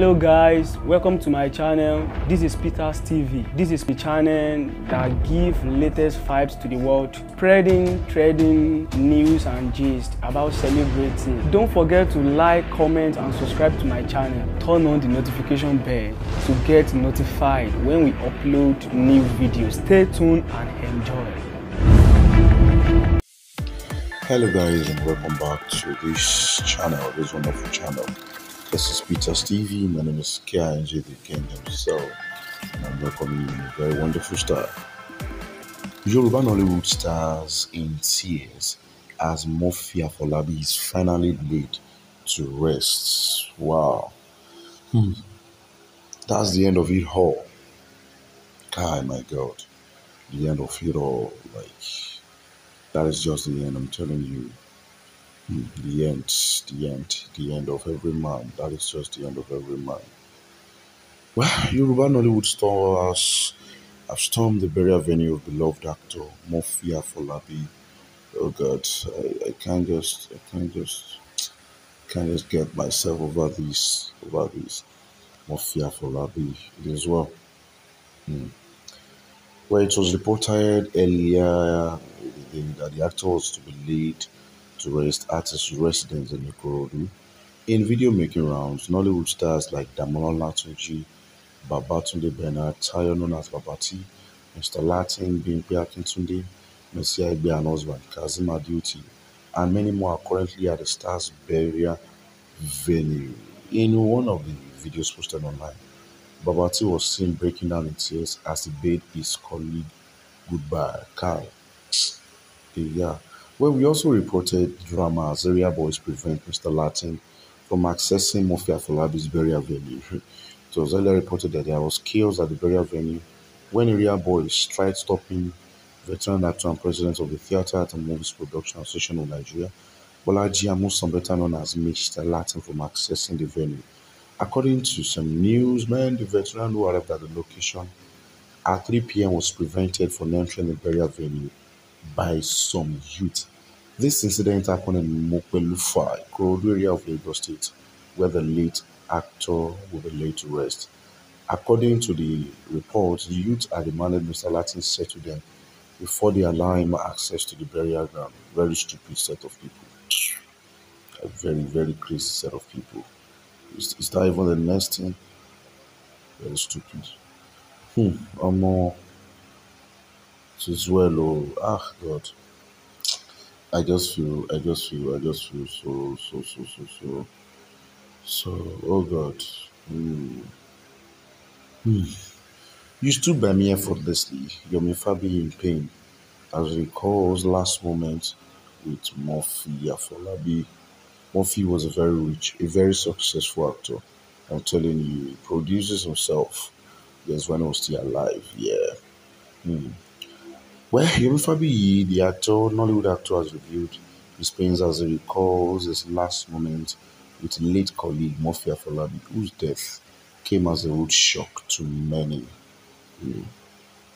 hello guys welcome to my channel this is peters tv this is the channel that give latest vibes to the world spreading trading news and gist about celebrating don't forget to like comment and subscribe to my channel turn on the notification bell to get notified when we upload new videos stay tuned and enjoy hello guys and welcome back to this channel this wonderful channel this is Peter Stevie. My name is KINJ The Kingdom So, and I'm welcoming you a very wonderful start. Yoruba Hollywood stars in tears as Mafia Folabi is finally laid to rest. Wow. Hmm. That's the end of it all. God, my God. The end of it all. Like, that is just the end, I'm telling you the end, the end, the end of every man. That is just the end of every man. Well, Yoruba Nollywood stars have stormed the burial venue of beloved actor Mofia Folabi. Oh God, I, I can't just, I can't just, can't just get myself over this, over this Mofia Folabi. as well. Hmm. Well, it was reported earlier uh, that the actor was to be laid to tourists, artists residence in Ikorodu. In video making rounds, Nollywood stars like Damola Latuji, Babatunde Bernard, Tayo known as Babati, Mr. Latin, Bimpe Akintunde, Messiah Ibe and husband, Kazim and many more are currently at the star's burial venue. In one of the videos posted online, Babati was seen breaking down in tears as he bade his colleague goodbye. Kyle, yeah where we also reported drama as area boys prevent Mr. Latin from accessing Murphy Falabi's burial venue. It was earlier reported that there was chaos at the burial venue when area boys tried stopping veteran actor and president of the Theatre and Movies Production Association of Nigeria, Bolaji Amusan, better known as Mr. Latin, from accessing the venue. According to some newsmen, the veteran who arrived at the location at 3 p.m. was prevented from entering the burial venue by some youth. This incident happened in Mokpelufa, Ikorodu area of Lagos State, where the late actor will be laid to rest. According to the report, the youth had demanded Mr. Latin to them before they allow him access to the burial ground. Very stupid set of people. A very, very crazy set of people. Is, is that even the next thing? Very stupid. Hmm, i more. She's well, oh, Ah, God. I just feel, I just feel, I just feel so, so, so, so, so, so. Oh God. Mm. Mm. You stood by me effortlessly, Yomi Fabi in pain, as recalls last moment with Murphy Afolabi. Murphy was a very rich, a very successful actor. I'm telling you, he produces himself. Yes, when I was still alive, yeah. Hmm. Well, Yemi the actor, Nollywood actor, has revealed his pains as he recalls his last moments with late colleague Mofia Folabi, whose death came as a rude shock to many. Hmm.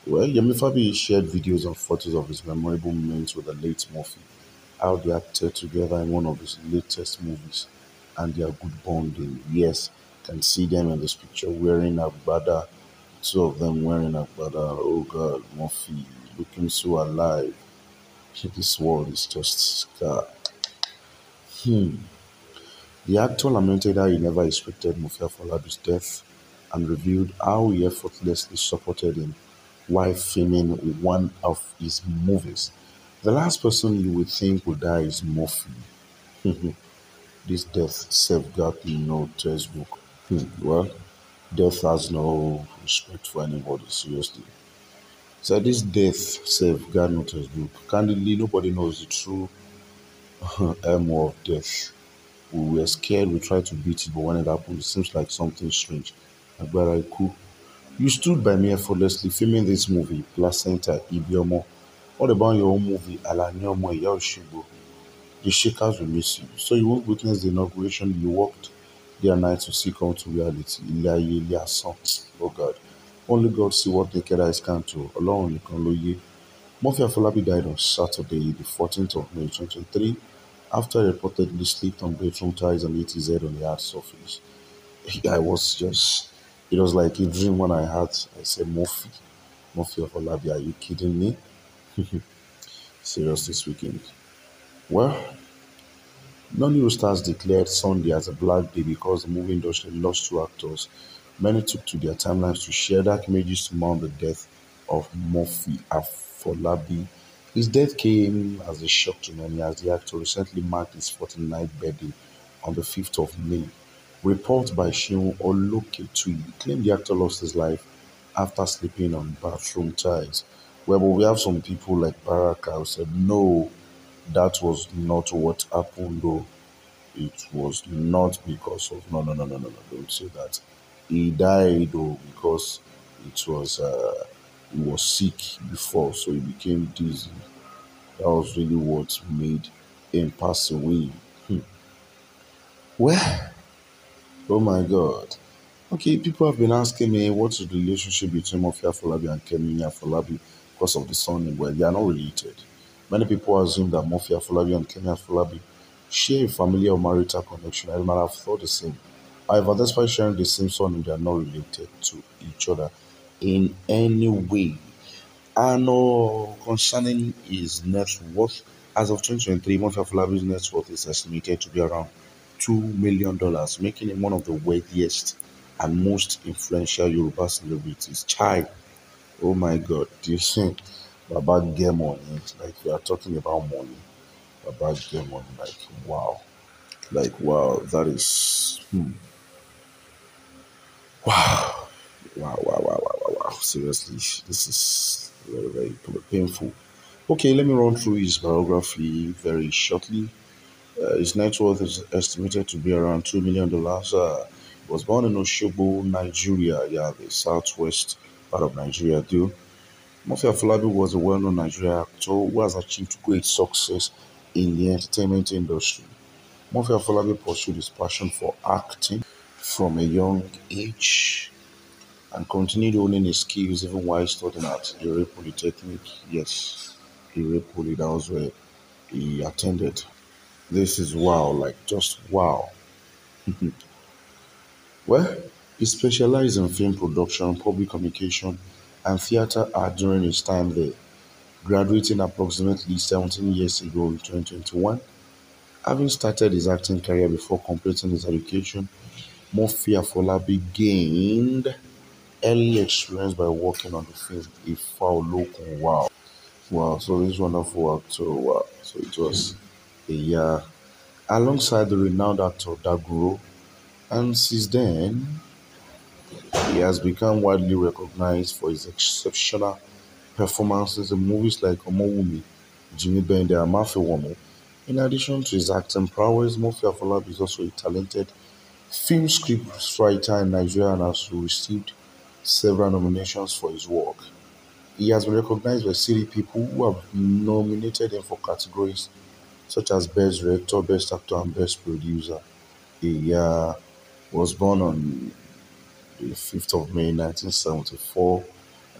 Well, Yemi Fabi shared videos and photos of his memorable moments with the late Murphy, how they acted together in one of his latest movies, and their good bonding. Yes, can see them in this picture wearing a brother, two of them wearing a brother. Oh God, Murphy, became so alive. This world is just scar. Hmm. The actor lamented that he never expected Mufia Faladu's death and revealed how he effortlessly supported him while filming one of his movies. The last person you would think would die is Mufi. Hmm. this death safeguard no textbook. Hmm. Well, death has no respect for anybody, seriously. So this death self God not us group. Candidly, nobody knows the true MO of death. We were scared, we tried to beat it, but when it happened, it seems like something strange. Agbara Iku. You stood by me effortlessly filming this movie, Placenta Ibiomo. What about your own movie, Alanyomo Yoshibo. The shakers will miss you. So you won't witness the inauguration you walked day and night to see come to reality. Ilaye, Ilasan. Oh God. Only God see what naked eyes can do. Ọlọ́run nìkan ló yé. Murphy Afolabi died on Saturday, the 14th of May 2023, after reportedly slipped on bathroom tiles and hit his head on the hard surface. I was just, it was like a dream when I had, I said, Murphy, Murphy Afolabi, are you kidding me? Serious this weekend. Well, non new stars declared Sunday as a black day because the movie industry lost two actors Many took to their timelines to share that images to mourn the death of Murphy Afolabi. His death came as a shock to many as the actor recently marked his 49th birthday on the 5th of May. Reports by Shion Oloketui claim the actor lost his life after sleeping on bathroom tiles. Well, but we have some people like Baraka who said, no, that was not what happened, though. It was not because of. No, no, no, no, no, no, don't say that he died oh, because it was uh, he was sick before, so he became dizzy. That was really what made him pass away. Hmm. Well, oh my God. Okay, people have been asking me what's the relationship between Mafia Falabi and Kemi Falabi because of the surname. Well, they are not related. Many people assume that Mafia Falabi and Kemi Falabi share a familiar or marital connection. I might have thought the same. However, despite sharing the same surname, they are not related to each other in any way. And uh, concerning his net worth, as of 2023, Mafia net worth is estimated to be around $2 million, making him one of the wealthiest and most influential Yoruba celebrities. Chai, oh my God, do you think about get money? Like, we are talking about money, about get money, like, wow like wow that is hmm. Wow. Wow, wow, wow, wow, wow, wow. Seriously, this is very, very painful. Okay, let me run through his biography very shortly. Uh, his net worth is estimated to be around $2 million. Uh, he was born in Oshobo, Nigeria, yeah, the southwest part of Nigeria, too. Murphy Afolabi was a well known Nigerian actor who has achieved great success in the entertainment industry. Murphy Afolabi pursued his passion for acting from a young age and continued owning his skills even while studying at Ire Polytechnic. Yes, Ire Poly, that was where he attended. This is wow, like just wow. well, he specialized in film production, public communication, and theater art during his time there, graduating approximately 17 years ago in 2021. Having started his acting career before completing his education fearful. I gained early experience by working on the films Ifa look Wow. Wow. So this wonderful actor. Wow. So it was a year alongside the renowned actor Daguro. And since then, he has become widely recognized for his exceptional performances in movies like Omowumi, Jimmy Bender, and Mafia Woman. In addition to his acting prowess, Mofia Afolabi is also a talented Film scriptwriter and has received several nominations for his work. He has been recognized by several people who have nominated him for categories such as Best Director, Best Actor and Best Producer. He uh, was born on the 5th of May 1974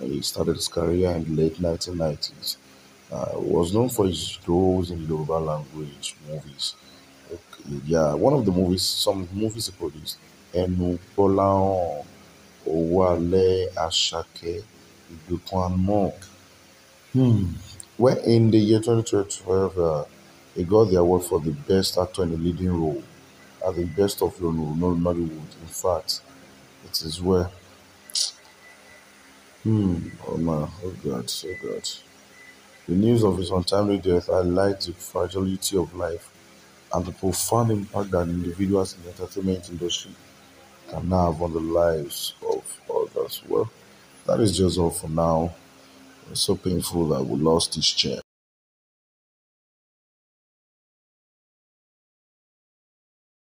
and he started his career in the late 1990s. Uh, was known for his roles in Yoruba language movies. Okay, yeah, one of the movies, some movies he produced, Enu Bolaon, Owale Ashake, Dukwan Mo. Hmm. Where in the year 2012, uh, he got the award for the best actor in a leading role at the best of Nollywood. In fact, it is where. Hmm. Oh my Oh God. Oh God. The news of his untimely death highlights the fragility of life and the profound impact that individuals in the entertainment industry can have on the lives of others. Well, that is just all for now. It's so painful that we lost this chair.